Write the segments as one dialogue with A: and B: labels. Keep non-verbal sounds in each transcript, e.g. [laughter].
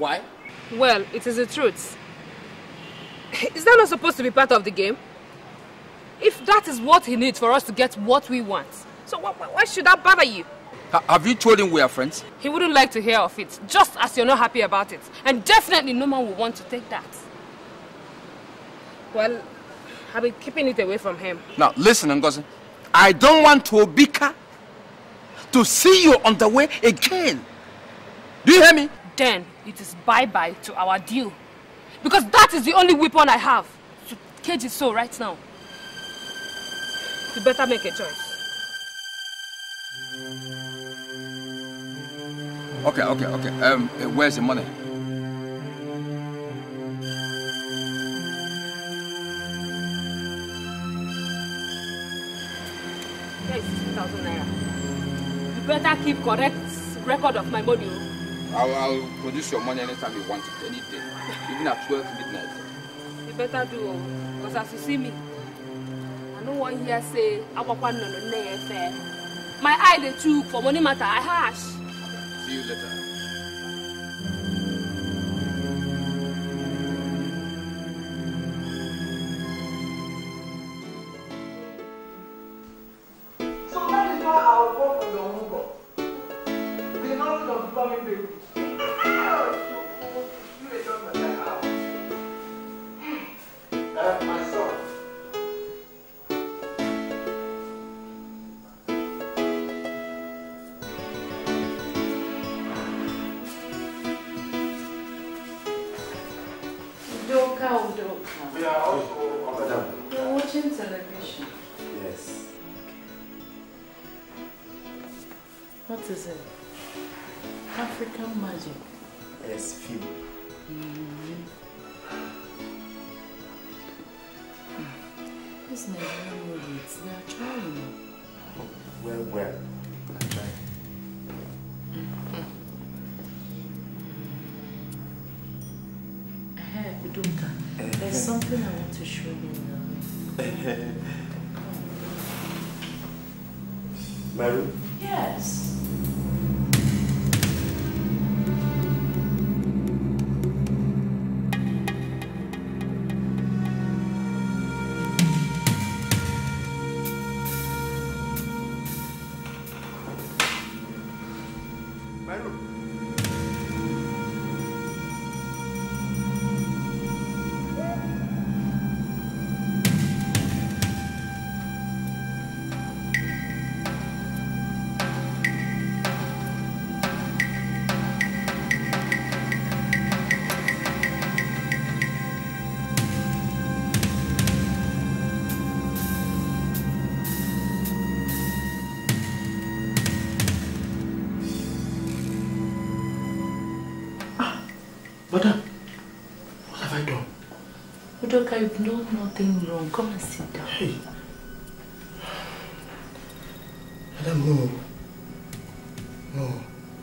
A: Why? Well, it is the truth. Is that not supposed to be part of the game? If that is what he needs for us to get what we want, so why, why should that bother you?
B: H have you told him we are friends?
A: He wouldn't like to hear of it, just as you're not happy about it. And definitely no man will want to take that. Well, I've been keeping it away from him.
B: Now, listen, Ngozi. I don't want to Obika to see you on the way again. Do you hear me?
A: Then, it is bye-bye to our deal. Because that is the only weapon I have to cage his soul right now. You better make a choice.
B: Okay, okay, okay. Um, uh, where's the money?
A: naira. You better keep correct record of my money.
B: I'll, I'll produce your money anytime you want it, anything, even at 12 midnight.
A: You better do, because as you see me, I no one here say akwakwa no no na fair. My eye they too for money matter, I hash.
C: See you later.
D: Christian celebration. Yes. What is it? African magic. Yes, few. Mm -hmm. This Nigerian movies, they are trying. Well, well, i mm-hmm. eh, there's [laughs] something I want to show you now. [laughs] room. Yes. I've done nothing wrong. Come and sit down. Hey. Madam, no. No.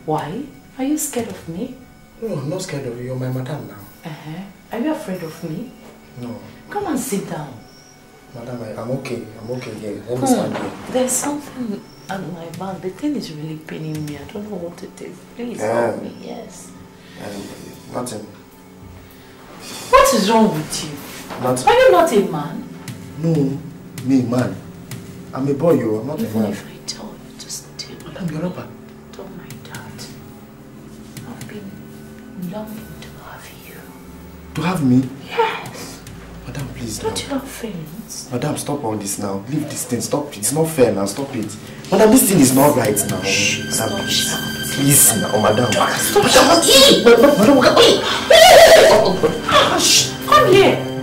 D: Why? Are you scared of me?
B: No, I'm not scared of you. You're my madam now.
D: Uh-huh. Are you afraid of me? No. Come and sit down.
B: Madam, I, am okay. I'm okay here. Let me hmm. stand
D: here. There's something on my back. The thing is really paining me. I don't know what it is. Please um, help me. Yes.
B: Um, nothing.
D: What is wrong with you? That's Are you not a man?
B: No, me man. I'm a boy, you are not Even a man. if I
D: tell you, just tell me. I'm your lover. Don't mind that. I've been longing to have you. To have me? Yes.
B: Madam, please Don't now.
C: you have feelings?
B: Madam, stop all this now. Leave this thing. Stop it. It's not fair now. Stop it. Madam, this thing is not right now. Shh, Madam, stop please. Shut Easy now, madam. Stop,
C: stop, stop. Come here.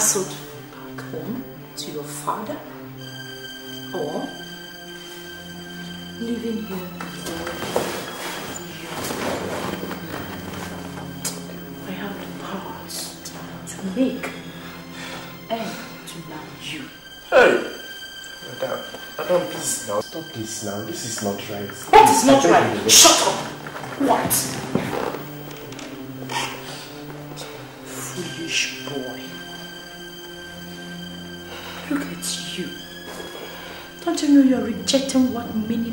D: hustled back home to your father or living here. I have the power to make and to love you. Hey!
B: Madam, madam, please now. Stop this now. This is not right. What is
C: not right? Shut up! What? you.
D: Don't you know you're rejecting what many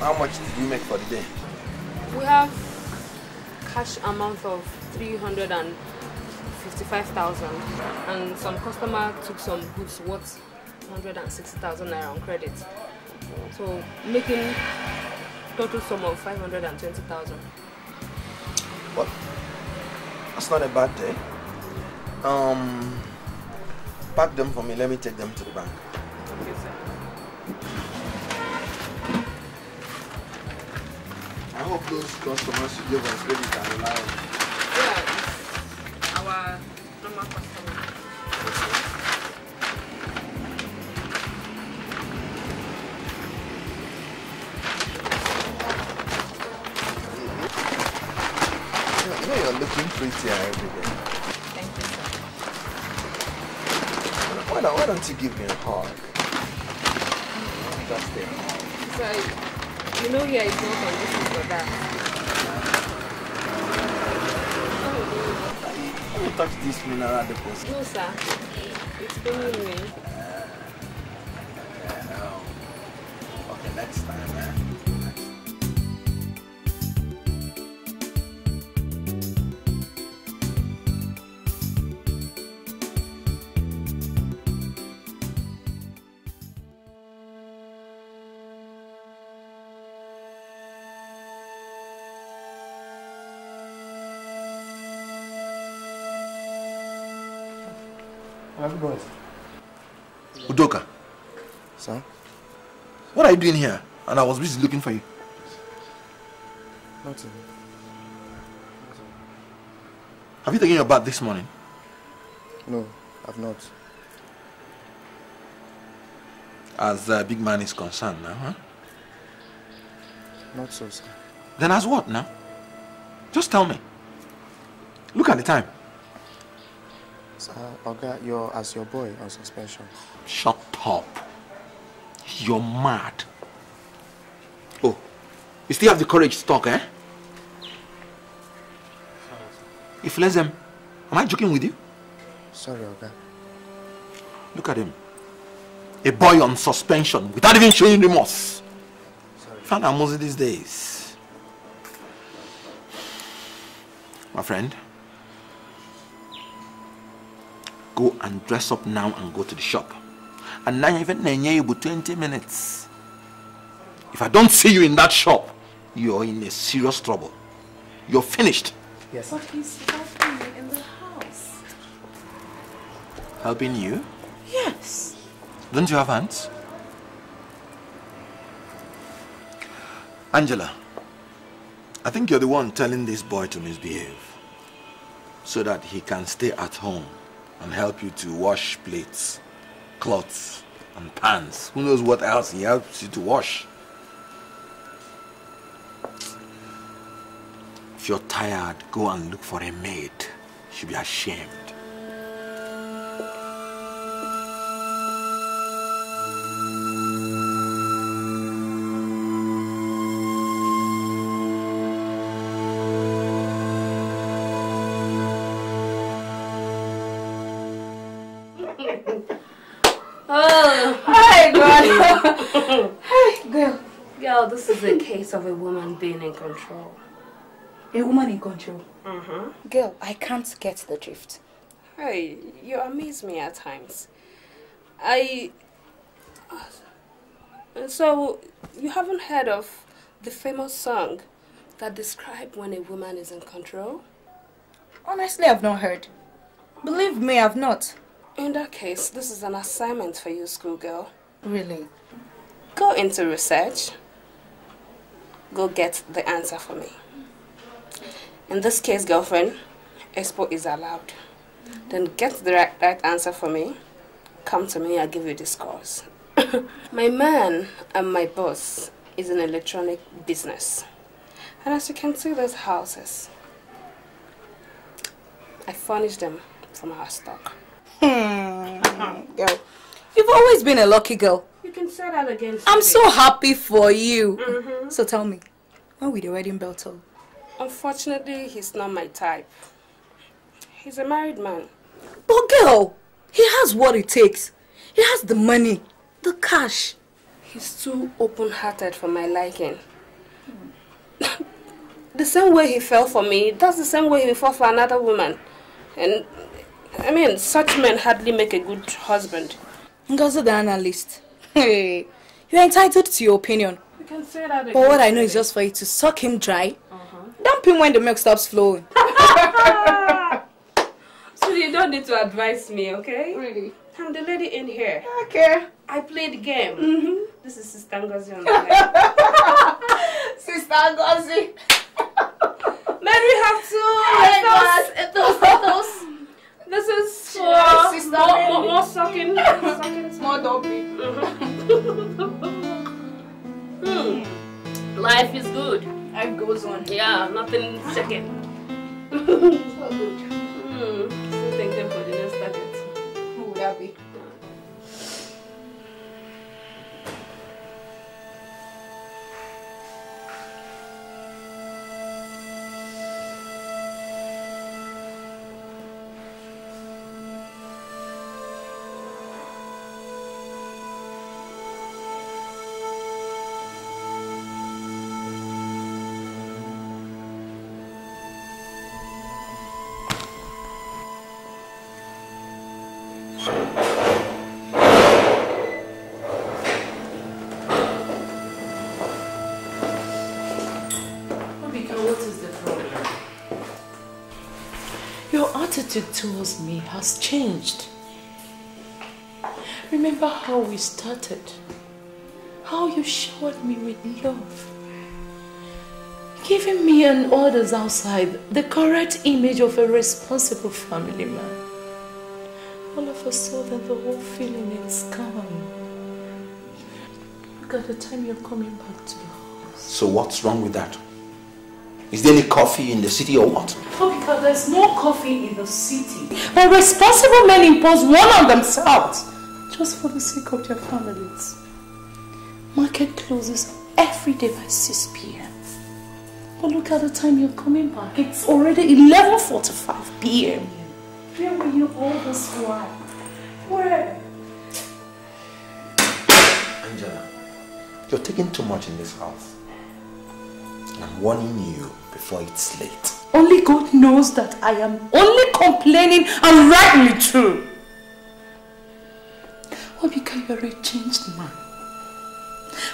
B: How much did you make for the day?
A: We have cash amount of 355,000 and some customer took some goods worth 160,000 naira on credit. So making total sum of 520,000.
B: Well, that's not a bad day. Um, pack them for me. Let me take them to the bank. those customers you us credit and
A: our normal customers.
B: know you're looking prettier every day. Thank you, sir. Why don't, why don't you give me a hug?
C: Just a
A: hug. Sorry. You Magnolia is not on this is for that.
B: Don't touch this mineral deposit.
A: No, sir. It's burning me.
B: boys. Udoka. Sir? What are you doing here? And I was busy looking for you. Nothing. Nothing. Have you taken your bath this morning? No, I've not. As the big man is concerned now, huh? Not so, sir. Then as what now? Just tell me. Look at the time. Uh, Oga, you're as your boy
C: on suspension.
B: Shut up. You're mad. Oh, you still have the courage to talk, eh? If less them, am I joking with you? Sorry, Oga. Look at him. A boy on suspension without even showing remorse. Found out most of these days. My friend. go and dress up now and go to the shop. And now even Nenye will 20 minutes. If I don't see you in that shop, you're in a serious trouble. You're finished.
C: Yes. What is helping me in the house?
B: Helping you?
C: Yes.
B: Don't you have hands? Angela, I think you're the one telling this boy to misbehave so that he can stay at home and help you to wash plates, cloths, and pans. Who knows what else he helps you to wash? If you're tired, go and look for a maid. She'll be ashamed.
A: case of a woman being in control. A woman in control? Mm-hmm. Girl, I can't get the drift. Hey, you amaze me at times. I... So, you haven't heard of the famous song that describes when a woman is in control? Honestly, I've not heard. Believe me, I've not. In that case, this is an assignment for you, schoolgirl. Really? Go into research go get the answer for me. In this case, girlfriend, expo is allowed. Then get the right, right answer for me. Come to me, I'll give you this course. [coughs] my man and my boss is an electronic business. And as you can see, those houses. I furnish them from our stock.
C: Hmm.
A: girl, you've always been a lucky girl can against. I'm so happy for you. Mm -hmm. So tell me, why will the wedding bell toll? Unfortunately, he's not my type. He's a married man. But girl, he has what it takes. He has the money, the cash. He's too open-hearted for my liking. the same way he fell for me, that's the same way he fell for another woman. And, I mean, such men hardly make a good husband. Ngozi the analyst. Hey, [laughs] you're entitled to your opinion. You can say that again. But what I know is just for you to suck him dry, uh-huh. dump him when the milk stops flowing. [laughs] so you don't need to advise me, okay? Really? I'm the lady in here. Okay. I play the game. Mm-hmm. This is Sister Ngozi on [laughs] the Sister Ngozi. Men, we have two. Oh this is for more, more, more sucking. [laughs] more dopey.
C: hmm.
A: Life is good. Life goes on. Yeah, nothing second. it's not good. Hmm. Still thinking for the next target. Who would that be?
D: attitude towards me has changed. Remember how we started, how you showered me with love, giving me and others outside the correct image of a responsible family man so that the whole feeling is gone. Look at the time you're coming back to the house.
B: So what's wrong with that? Is there any coffee in the city or what?
D: Oh, because there's no coffee in the city. But responsible men impose one on themselves just for the sake of their families. Market closes every day by 6 p.m. But look at the time you're coming back. It's already 11.45 p.m. Where were you all this while? Where?
B: Angela, you're taking too much in this house. I'm warning you before it's late.
D: Only God knows that I am only complaining and rightly true. Obika, you're a changed man.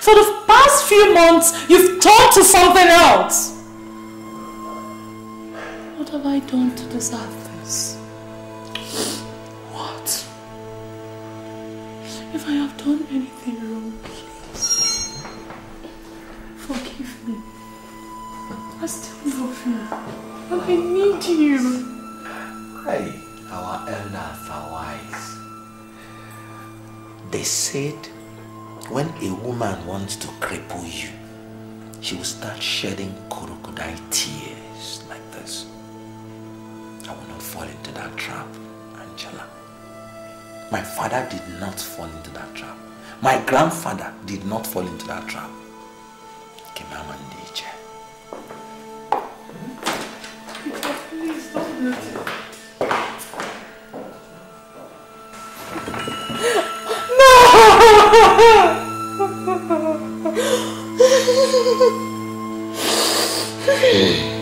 D: For the past few months, you've turned to something else. What have I done to deserve if I have done anything wrong, please forgive me. I still love you,
C: and I need you. Hey, our elders are wise. They said when a woman wants to cripple you,
B: she will start shedding crocodile tears like this. I will not fall into that trap, Angela. My father did not fall into that trap. My grandfather did not fall into that trap. Kimama Ndiche. Please stop
C: No! [laughs]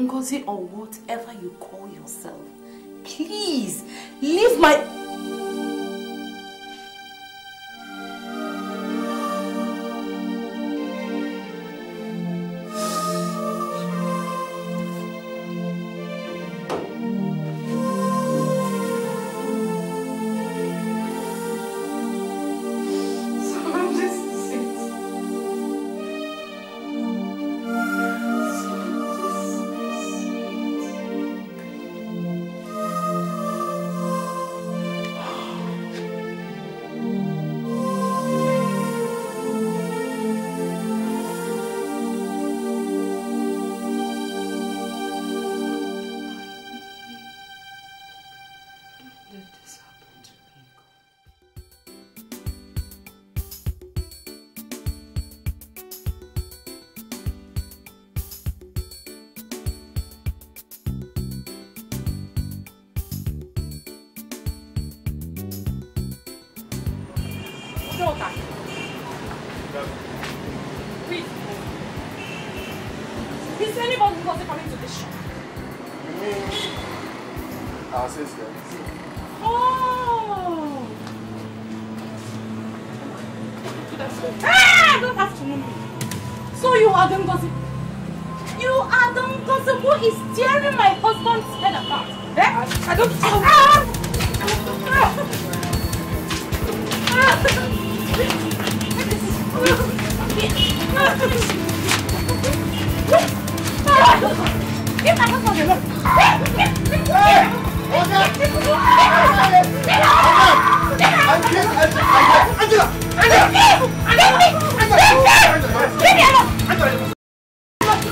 D: Ngozi or whatever you call yourself, please leave my Adam Gossip. You Adam Gossip who is tearing my husband's head apart. Eh?
C: I, don't... I don't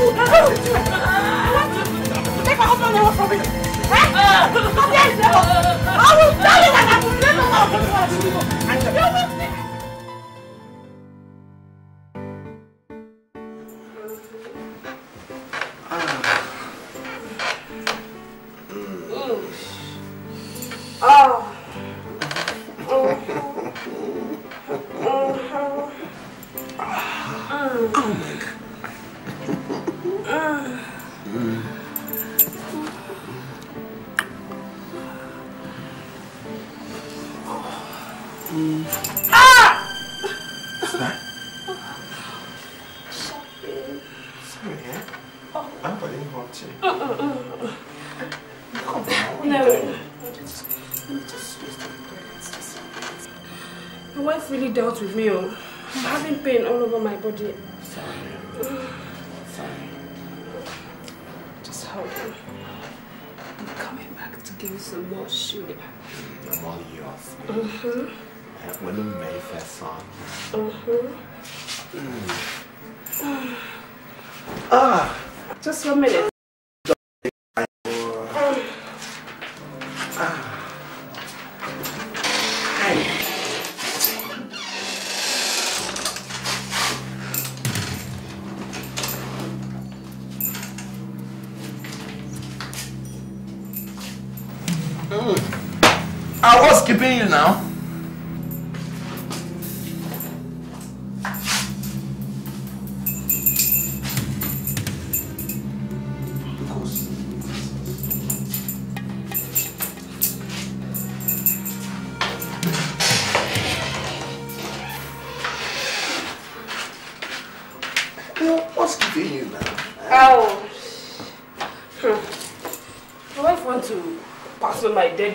C: Take my husband away from me. Huh? Come here, devil. I will tell you that I will never love you. You will see. Mm.
B: I was keeping you now.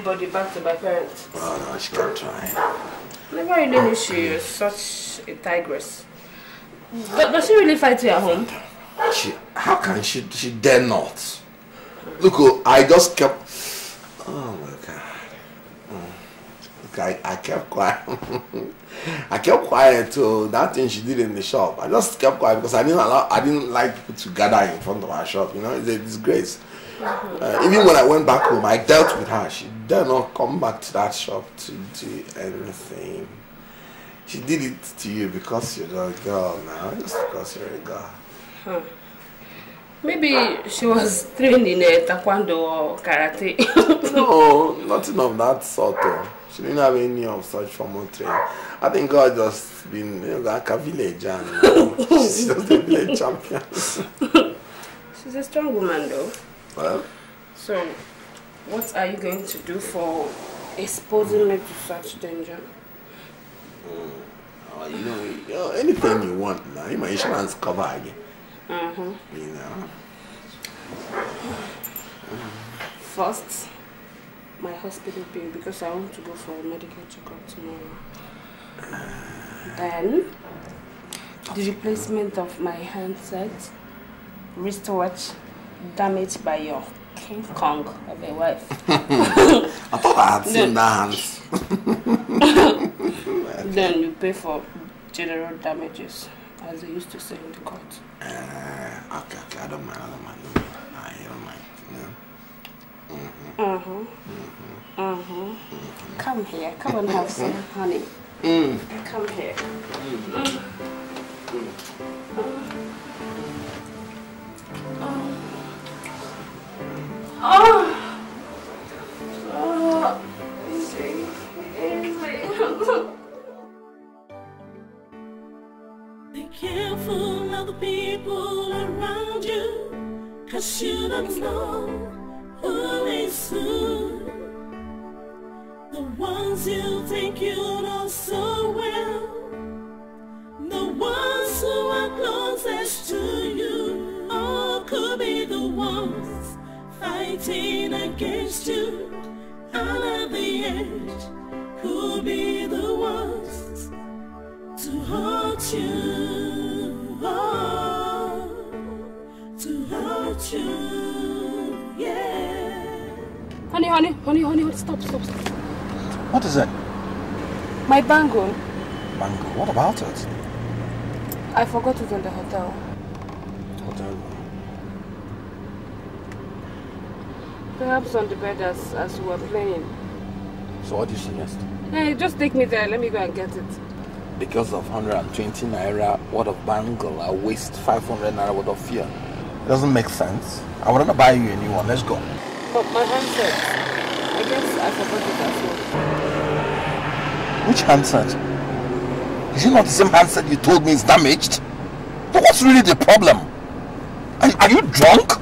A: everybody back to my parents. Oh, no, she kept time. Never really knew she was such a tigress. But does she really fight you at home?
B: She, how can she? She dare not. Look, oh, I just kept. Oh my god. look, I, I kept quiet. [laughs] I kept quiet to that thing she did in the shop. I just kept quiet because I didn't allow. I didn't like people to gather in front of our shop. You know, it's a disgrace.
C: Uh, even when I went back home,
B: I dealt with her. She dare not come back to that shop to do anything. She did it to you because you're a girl now, just because you're a girl.
A: Maybe she was trained in a taekwondo or karate.
B: [laughs] no, nothing of that sort. Of. She didn't have any of such formal training. I think God just been you know, like a village and uh, [laughs] she's just a village champion. she's
A: a strong woman though. Well. So what are you going to do for exposing me to such danger?
C: Mm.
B: uh, you know, anything you want now, my insurance cover again.
A: Uh mm-hmm. huh. You know. First, my hospital bill because I want to go for a medical checkup tomorrow. Then, the replacement of my handset, wristwatch damaged by your King Kong of a wife. I thought I had seen that
C: hand.
A: [laughs] [laughs] then you pay for general damages, as they used to say in the court. Uh, okay,
B: okay, I don't mind, I don't mind, I don't mind. I don't mind.
A: Yeah. Mm -hmm. Uh huh. Mm -hmm. Uh huh. Mm -hmm. Come here, come and have some [laughs] honey. Mm. Come here. Mm. Mm.
C: Oh. oh. Be careful of the people around you, cause you don't know who is who. The ones you think you know so well, the ones who are closest to you. fighting against you out of the edge who'll be the ones to hurt you oh, to hurt you yeah
A: honey honey honey honey stop stop stop what is it my bangle
B: bangle what about it
A: i forgot it in the hotel Perhaps on the bed as, as we were playing.
B: So what do you
C: suggest?
A: Hey, just take me there. Let me go and get it.
B: Because of 120 naira worth of bangle, I waste 500 naira worth of fear. It doesn't make sense. I want to buy you a new one. Let's go. But
C: oh, my handset.
A: I guess I
B: forgot it as well. Which handset? Is it not the same handset you told me is damaged? But what's really the problem?
C: Are, are you drunk?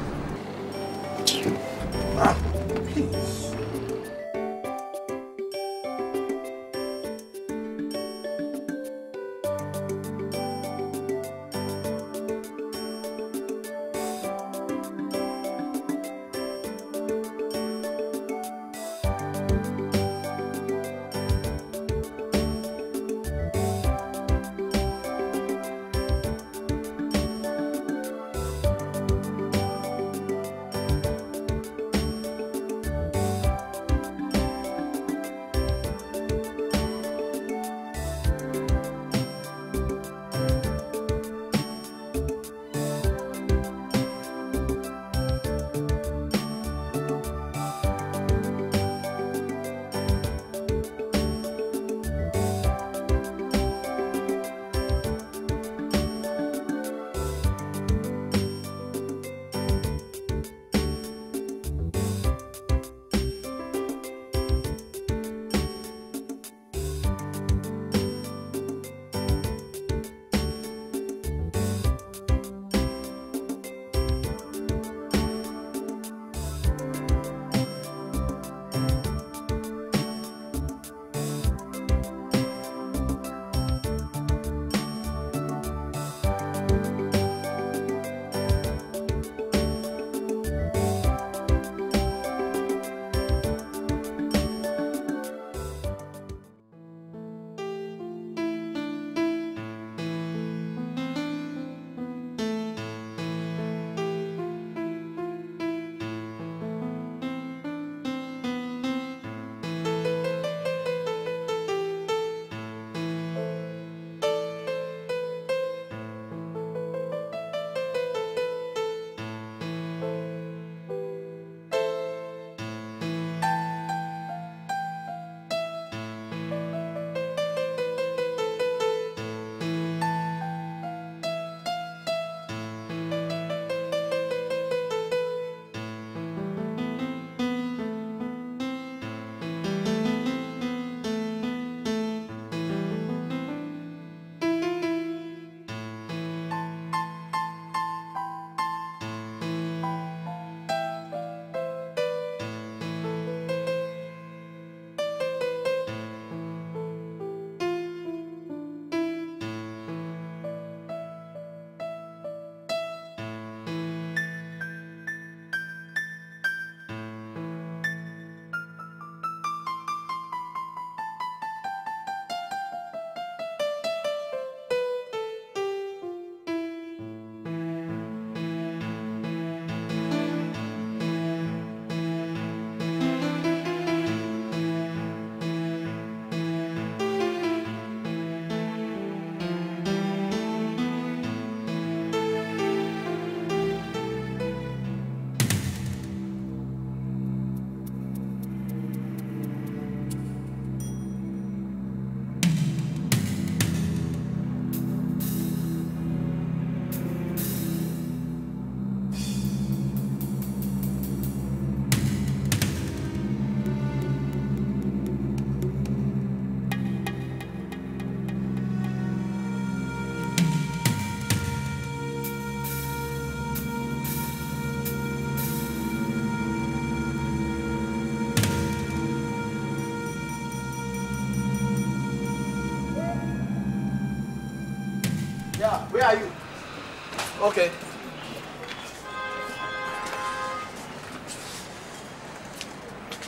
B: Okay.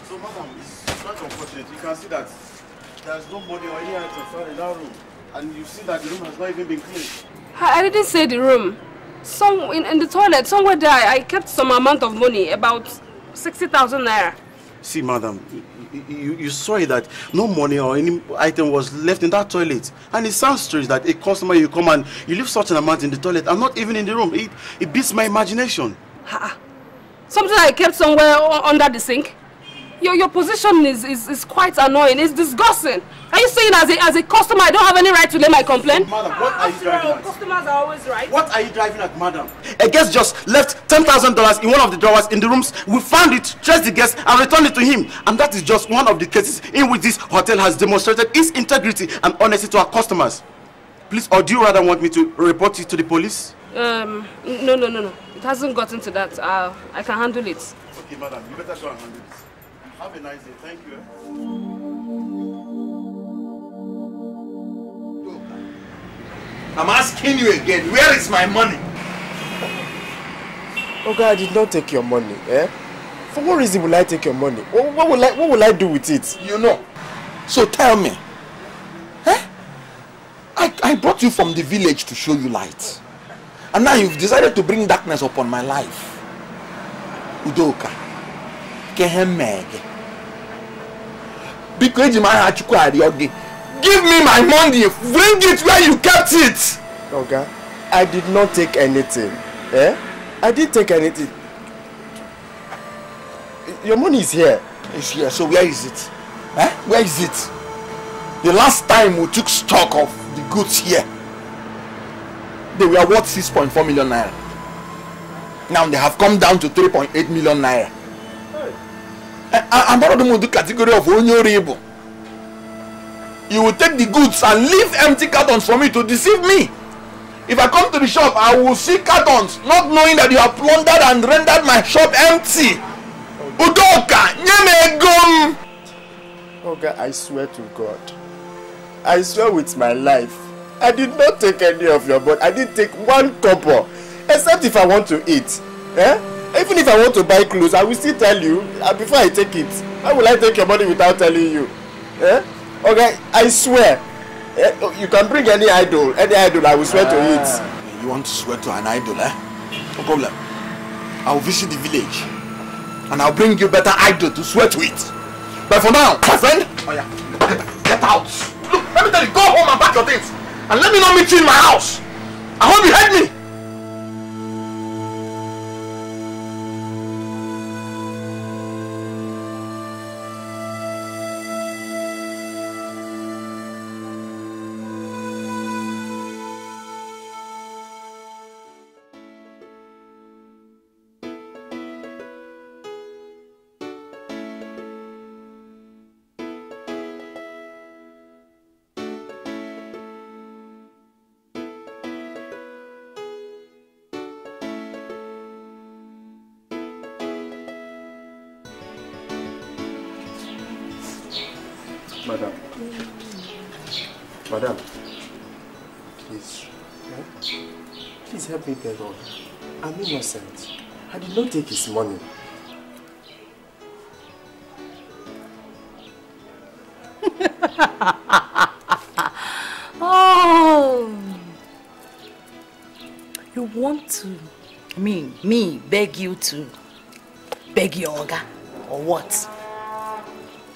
B: So, madam, it's quite unfortunate. You can see that there's nobody or any item found in that room. And you see that the room has not even been cleaned.
A: I, I didn't say the room. Some in, in the toilet, somewhere there, I kept some amount of money, about 60,000 naira.
B: See, madam, you, you saw it that no money or any item was left in that toilet. And it sounds strange that a customer you come and you leave such an amount in the toilet and not even in the room. It, it beats my imagination. Ha.
A: Something I kept somewhere under the sink? your, your position is, is, is quite annoying. It's disgusting. Are you saying as a, as a customer, I don't have any right to lay my
B: complaint? Madam, what are you driving at? Customers are always right. What are you driving at, madam? A guest just left $10,000 in one of the drawers in the rooms. We found it, traced the guest, and returned it to him. And that is just one of the cases in which this hotel has demonstrated its integrity and honesty to our customers. Please, or do you rather want me to report it to the police?
A: Um, no, no, no, no. It hasn't gotten to that. Uh, I can handle it. Okay, madam,
B: you better go and handle it. Have a nice day. Thank you. I'm asking you again, where is my money? Oh I did not take your money, eh? For what reason will I take your money? What will I, what will I do with it? You know. So tell me. Eh? I, I brought you from the village to show you light. And now you've decided to bring darkness upon my life. Udoka. Kehemege. Because eji m aha chukwu arịọ give me my money bring it where you kept it. Okay. i did not take anything eh i did take anything your money is here. it's here so where is it eh where is it the last time we took stock of the goods here they were worth 6.4 million naira now they have come down to 3.8 million naira I'm not of the category of honorable. You will take the goods and leave empty cartons for me to deceive me. If I come to the shop, I will see cartons, not knowing that you have plundered and rendered my shop empty. Udoka, Nyemegum! Oga, I swear to God. I swear with my life. I did not take any of your blood. I did take one copper. Except if I want to eat. Eh? even if i want to buy clothes i will still tell you uh, before i take it why will i take your money without telling you eh okay i swear eh, oh, you can bring any idol any idol i will swear ah. to it. Ah, you want to swear to an idol eh no problem i will visit the village and i will bring you better idol to swear to it but for now my friend oh yeah, get, out look let me tell you go home and pack your things and let me not meet you in my house i hope you heard me. God. I'm innocent. I did not take his money. [laughs] oh!
D: You want to... Me, me, beg you to... Beg your Oga, or what?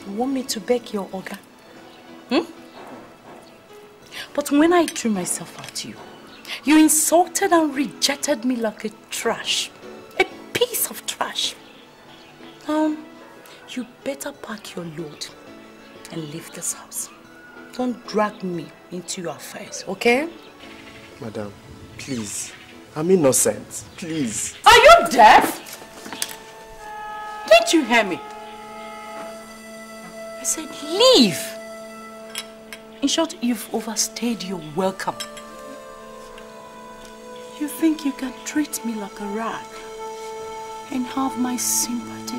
D: You want me to beg your Oga? Hmm? But when I threw myself at you, you insulted and rejected me like a trash. A piece of trash. Um, you better pack your load and leave this house. Don't drag me into your affairs, okay?
B: Madam, please. I'm innocent. Please. Are
D: you deaf? Didn't you hear me? I said leave. In short, you've overstayed your welcome. You think you can treat me like a rag and have my sympathy?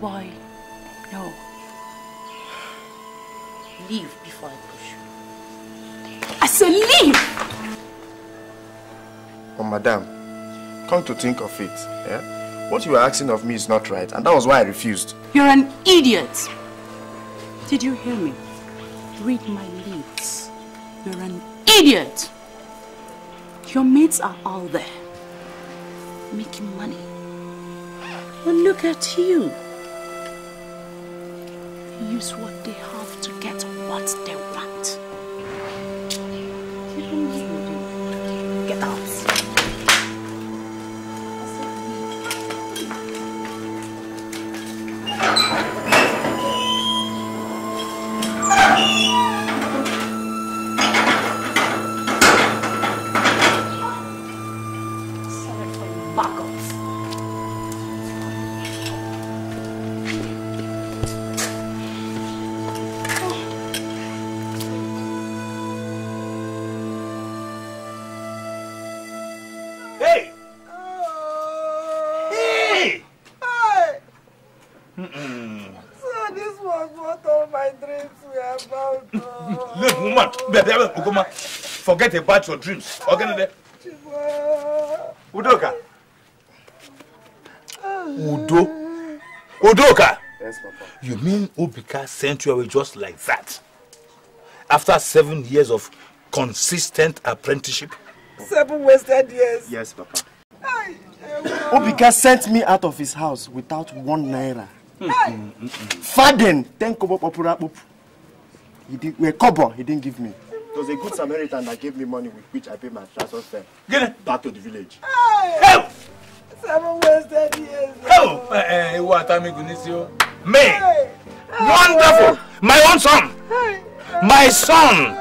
D: Why? No. Leave before I push you. I said leave!
B: Oh, madam, come to think of it, yeah? What you are asking of me is not right, and that was why I refused.
D: You're an idiot! Did you hear me? Read my lips. You're an idiot! Your mates are all there, making money. And look at you. They use what they have to get what they want.
B: about your dreams. Okay, Udoka. Udo. Udoka. Yes, Papa. You mean Obika sent you away just like that? After seven years of consistent apprenticeship? Seven wasted years. Yes, Papa. Obika sent me out of his house without one naira. Hmm. Faden, ten kobo popular He did, well, kobo, he didn't give me. It was a good Samaritan that gave me money with which I paid my transport fare. Get it. Back to the village.
C: Hey! Help! Seven wasted years. Help!
B: Eh, eh, what time you see Me!
C: Wonderful!
B: My own son! My son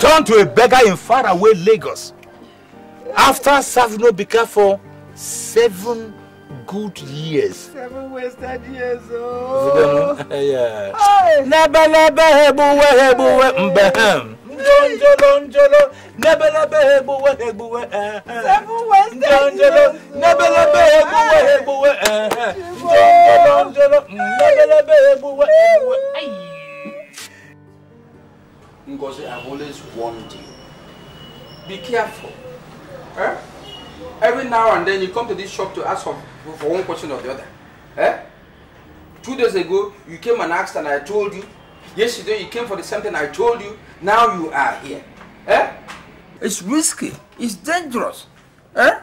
B: turned to a beggar in faraway Lagos after serving Obika for seven good years. Seven wasted years.
C: Oh.
B: yeah. Hey. Njolo, njolo, nebele behe buwe he eh.
C: Seven nebele behe buwe
B: he eh. Njolo, njolo, nebele behe buwe Ngozi, I've always warned you. Be careful. Eh? Every now and then you come to this shop to ask for, for one question or the other. Eh? Two days ago, you came and asked and I told you Yesterday you came for the same thing I told you. Now you are here. Eh? It's risky. It's dangerous. Eh?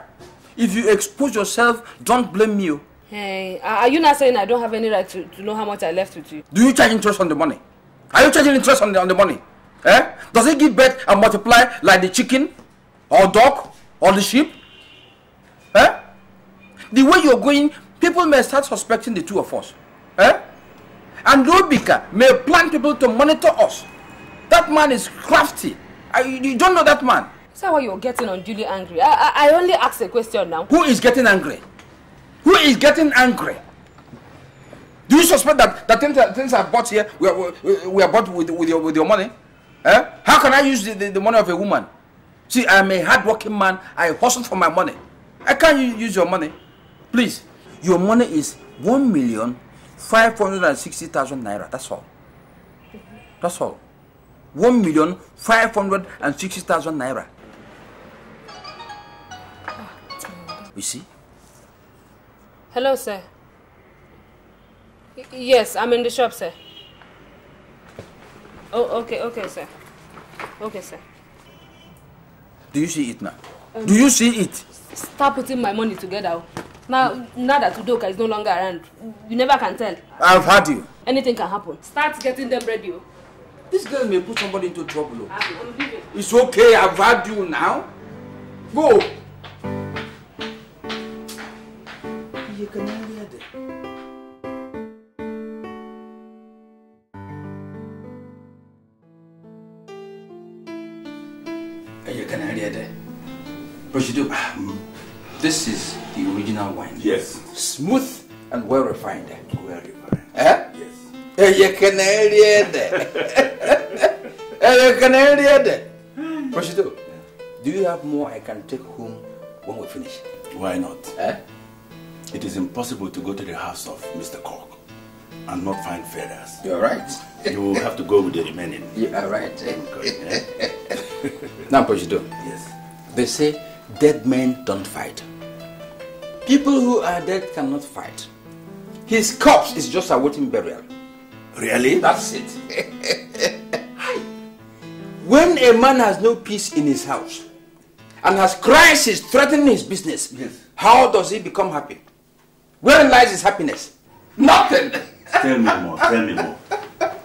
B: If you expose yourself, don't blame me.
A: Hey, are you not saying I don't have any right to, to know how much I left with you?
B: Do you charge interest on the money? Are you charging interest on the, on the money? Eh? Does it give birth and multiply like the chicken or dog or the sheep? Eh? The way you're going, people may start suspecting the two of us. Eh? And Rubika may plan people to monitor us. That man is crafty. I, you don't know that man.
A: Is that why you're getting unduly angry? I, I, I only asked a
B: question now. Who is getting angry? Who is getting angry? Do you suspect that the things, that things I've bought here are we are bought with, with, your, with your money? Eh? How can I use the, the, the money of a woman? See, I'm a hardworking man. I hustle for my money. I can't use your money. Please, your money is one million five hundred and sixty thousand naira that's all that's all one million five hundred and sixty thousand naira you see.
A: hello sir y yes i'm in the shop sir oh okay okay sir okay sir.
B: do you see it now. Um, do you see it.
A: start putting my money together. Oh. Now, now that Udoka is no longer around, you never can tell.
B: I've had you.
A: Anything can happen. Start getting them ready. Oh.
B: This girl may put somebody into trouble. Oh. Ah, it's okay, I've had you now. Go.
C: You can hear that.
B: Eh, you can hear them. But you do. This is the original wine. Yes. Smooth and well refined. Well refined. Eh? Yes. Eh, you can hear it. [laughs] Eh, you can hear it. do you have more I can take home when we finish? Why not? Eh? It is impossible to go to the house of Mr. Cork and not find feathers. You're right. you will have to go with the remaining. You are right. [laughs] now, Pochito. Yes. They say dead men don't fight. People who are dead cannot fight. His corpse is just awaiting burial. Really? That's it. [laughs] when a man has no peace in his house and has crisis threatening his business, yes. how does he become happy? Where lies his happiness? Nothing. [laughs] tell me more. Tell me more.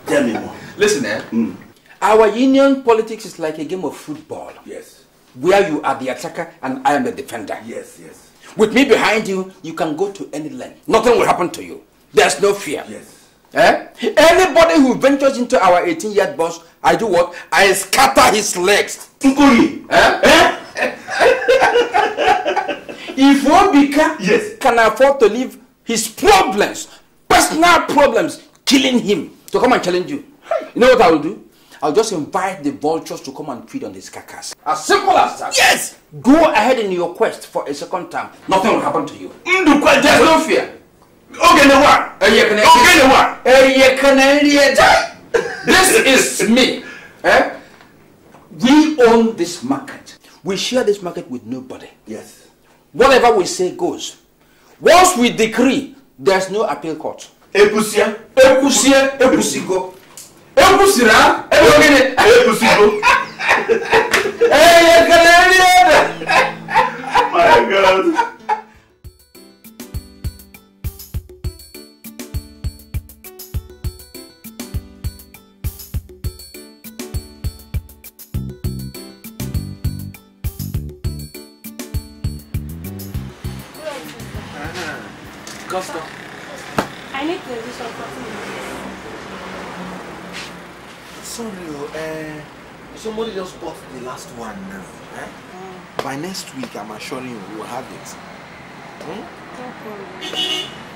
B: Tell me more. Listen, eh? Mm. Our union politics is like a game of football. Yes. Where you are the attacker and I am the defender. Yes, yes. With me behind you, you can go to any land. Nothing will happen to you. There's no fear. Yes. Eh? Anybody who ventures into our 18 year bus, I do what? I scatter his legs. Nkuri. Eh? Eh? if Obika yes. can afford to leave his problems, personal problems, killing him to come and challenge you, you know what I will do? I'll just invite the vultures to come and feed on this carcass. As simple as that. Yes! Go ahead in your quest for a second time. Nothing will happen to you. Mm, there's no fear. Okay, no one. Okay, no one. This is me. Eh? We own this market. We share this market with nobody. Yes. Whatever we say goes. Once we decree, there's no appeal court. Epusia, Epusia, Epusigo. Eu ebusira consigo.
C: É, Hey, I got galera. My God.
B: Somebody just bought the last one now. Eh? Mm. By next week, I'm assuring you, we'll have it. Hmm?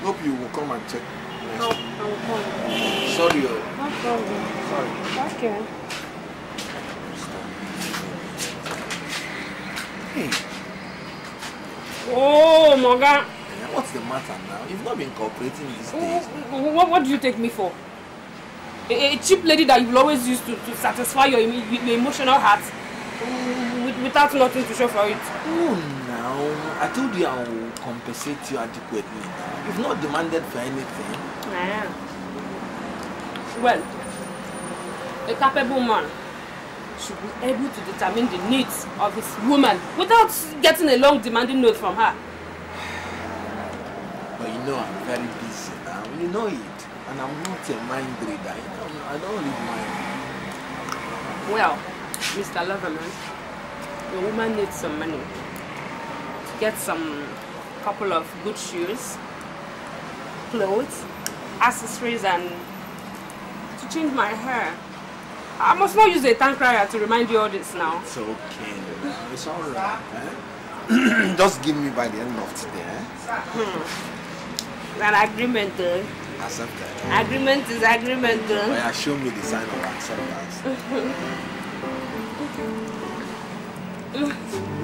B: Hope you will come and check. Next no, week. I will come. Sorry. Oh.
A: No problem. Sorry. Okay. Hey.
B: Oh,
A: Moga. Eh,
B: what's the matter now? You've not been cooperating these days.
A: What, what do you take me for? a, a cheap lady that you will always use to, to satisfy your, your emotional heart
C: mm,
A: without nothing to show for it.
B: Oh,
C: now.
B: I told you I will compensate you adequately. You've not demanded for anything.
A: I Well, a capable man should be able to determine the needs of his woman without getting a long demanding note from her. [sighs]
B: But you know I'm very busy now. You know it. and I'm not a mind reader. I don't read mind. Well,
A: Mr. Loveland, the woman needs some money to get some couple of good shoes, clothes, accessories, and to change my hair. I must not use a tank crier to remind you all this now.
B: It's okay. It's all right. Eh? [clears throat] Just give me by the end of today. Eh?
A: Hmm. An agreement, eh?
B: Accepted. Agreement
A: is agreement. Well, oh, yeah,
B: show me the sign of
C: acceptance. [laughs]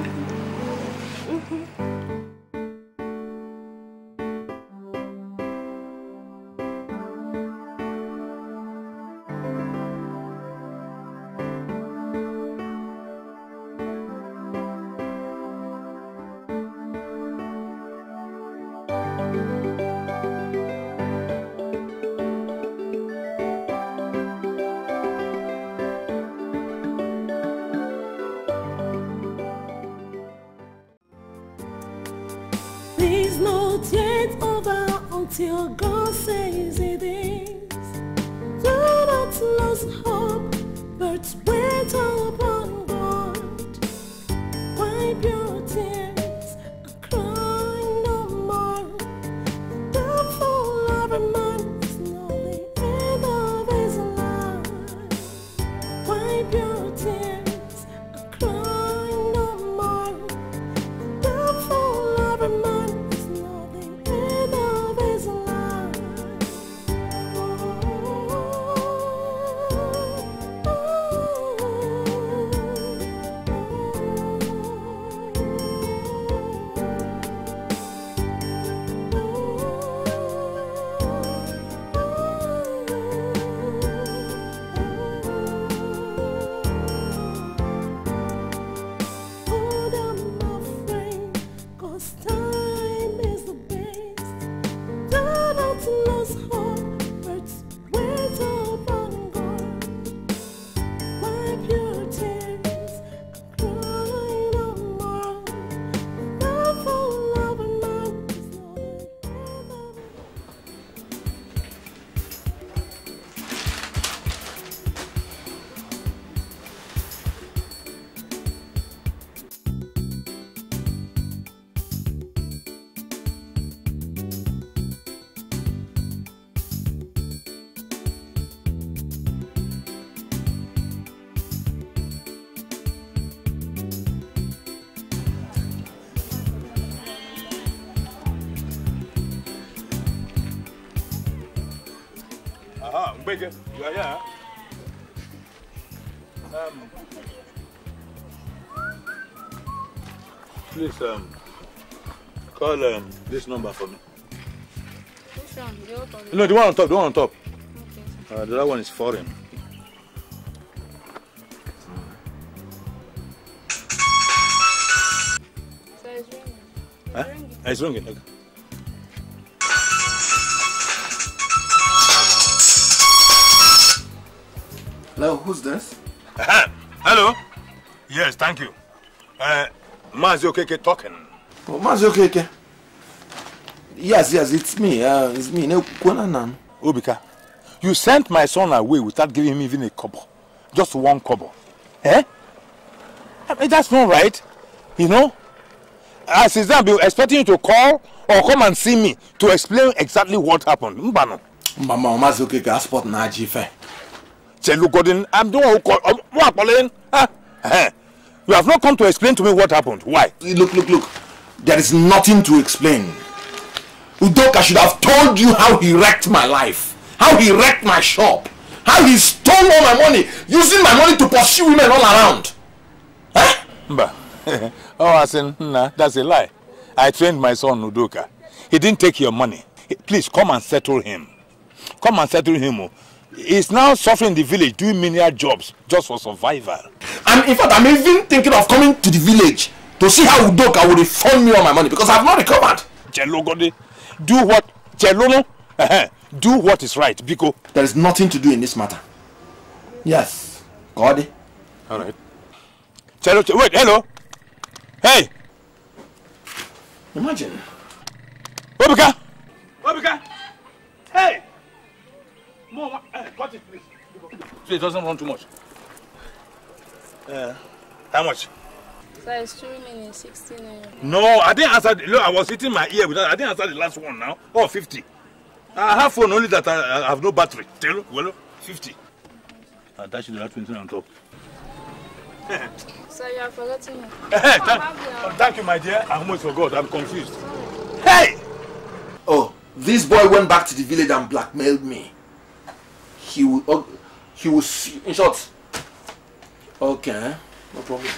C: will change over until God says it is.
B: Yeah. that. Um, please um, call um, this number for me.
C: Which one? The one? No,
B: the one on top. The one on top. Okay. Uh, the other one is foreign. it's ringing. It's ringing. Ah, it's ringing. Okay. Hello, who's this? Uh, hello. Yes, thank you. Uh, Mazi talking. Oh, Yes, yes, it's me. Uh, it's me. Obika, you sent my son away without giving him even a kobo. Just one kobo. Eh? I mean, that's not right. You know? As his dad, be expecting you to call or come and see me to explain exactly what happened. Mbano. Mama, Mazi I spot na Telugodin. I'm the one who called. Um, what happened? Ah, eh. You have not come to explain to me what happened. Why? Look, look, look. There is nothing to explain. Udoka should have told you how he wrecked my life, how he wrecked my shop, how he stole all my money, using my money to pursue women all around. Huh? Mba. [laughs] oh, I said, nah, that's a lie. I trained my son Udoka. He didn't take your money. Please come and settle him. Come and settle him. Oh. is now suffering in the village doing menial jobs just for survival. And in fact, I'm even thinking of coming to the village to see how Udoka will refund me all my money because I've not recovered. Chelogode, do what? Chelono, uh -huh. do what is right, Because There is nothing to do in this matter. Yes, Godi. All right. Chelo, ch wait, hello. Hey. Imagine. Obika. Obika. Hey. More, uh, cut it, please. So it doesn't run too much. Uh, how much?
A: So it's two minutes, 16 naira.
B: No, I didn't answer. The, look, I was hitting my ear with that. I didn't answer the last one now. Oh, 50. I have phone only that I, I have no battery. Tell well, 50. And that should have 20 on top.
A: so you are forgetting me. Hey, eh, eh, thank,
B: oh, thank you, my dear. I almost forgot. I'm confused. Sorry. Hey! Oh, this boy went back to the village and blackmailed me. he will uh, he will see, in short okay no problem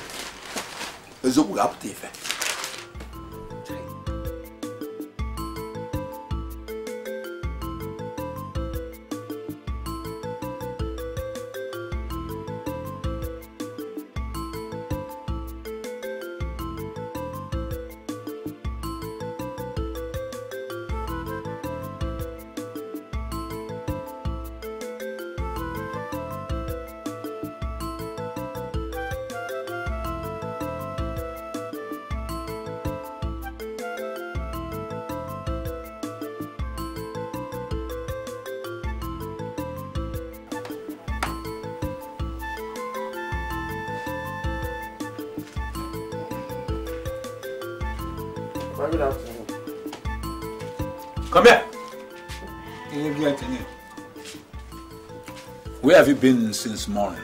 B: have you been since morning?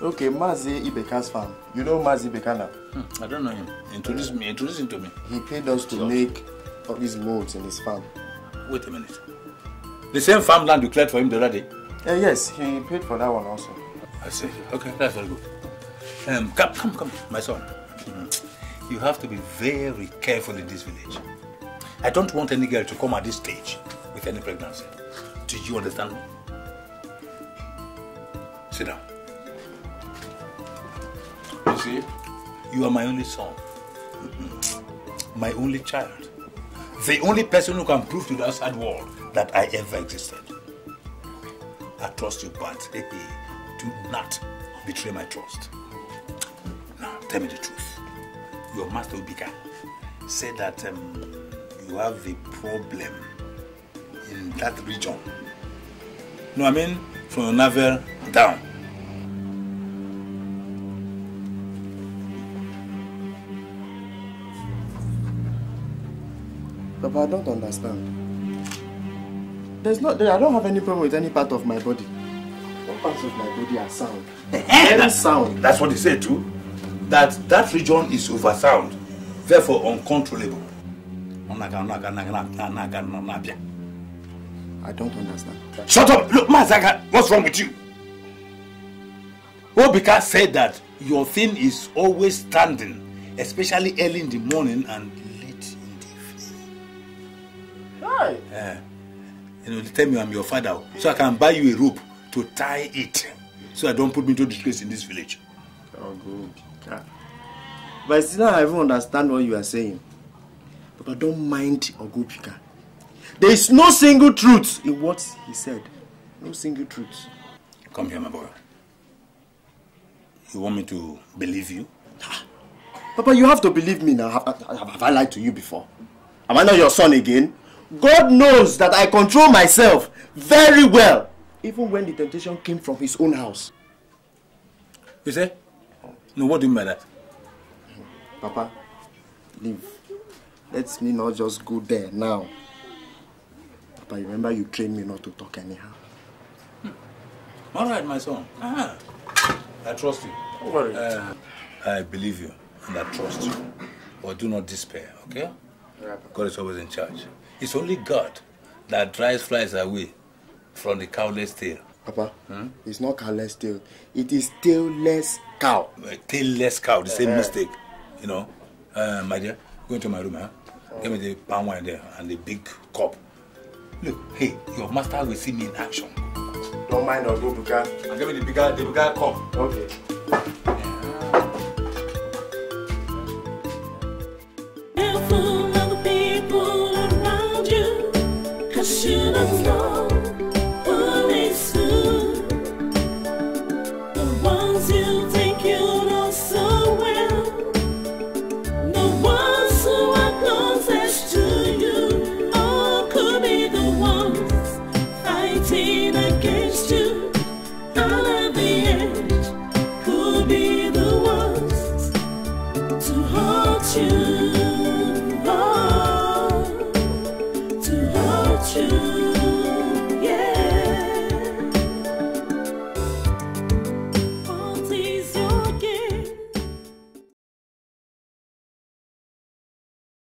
B: Okay, Mazi Ibeka's farm. You know Mazi Ibeka now? Hmm, I don't know him. Introduce me. Introduce him to me. He paid us to so. make all these molds in his farm. Wait a minute. The same farmland you cleared for him the other day? Uh, yes, he paid for that one also. I see. Okay, that's very good. Um, come, come, come, my son. Hmm. You have to be very careful in this village. I don't want any girl to come at this stage with any pregnancy. Do you understand me? Sit down. You see, you are my only son. my only child. The only person who can prove to the outside world that I ever existed. I trust you, but do not betray my trust. Now, tell me the truth. Your master Ubika said that um, you have a problem in that region. No, I mean, from the navel down. Papa, I don't understand. There's not, I don't have any problem with any part of my body. What parts of my body are sound. Any sound. That's what they say too. That that region is over sound, therefore uncontrollable. I don't understand. Shut up! Look, Mazaga, what's wrong with you? Obika said that your thing is always standing, especially early in the morning and late in the evening. Why? Uh, eh, you know, they tell me I'm your father, so I can buy you a rope to tie it, so I don't put me into disgrace in this village. Oh, good. But still, I don't understand what you are saying. But I don't mind Ogupika. There is no single truth in what he said. No single truth. Come here, my boy. You want me to believe you? Papa, you have to believe me now. Have, have, have I lied to you before? Am I not your son again? God knows that I control myself very well, even when the temptation came from his own house. You say? No, what do you mean by that? Papa, leave. Let me not just go there now. But remember you trained me not to talk anyhow. Hmm. All right, my son. Ah, I trust you. Don't worry. Uh, I believe you and I trust you. But do not despair, okay? God is always in charge. It's only God that drives flies away from the cowless tail. Papa, hmm? it's not cowless tail. It is tailless cow. tailless cow, the same uh -huh. mistake. You know, uh, my dear, go into my room, huh? Give me the palm wine there and the big cup. Look, hey, your master will see me in action. Don't mind Ogobuka. I'll give you the bigger, the bigger cup. Okay.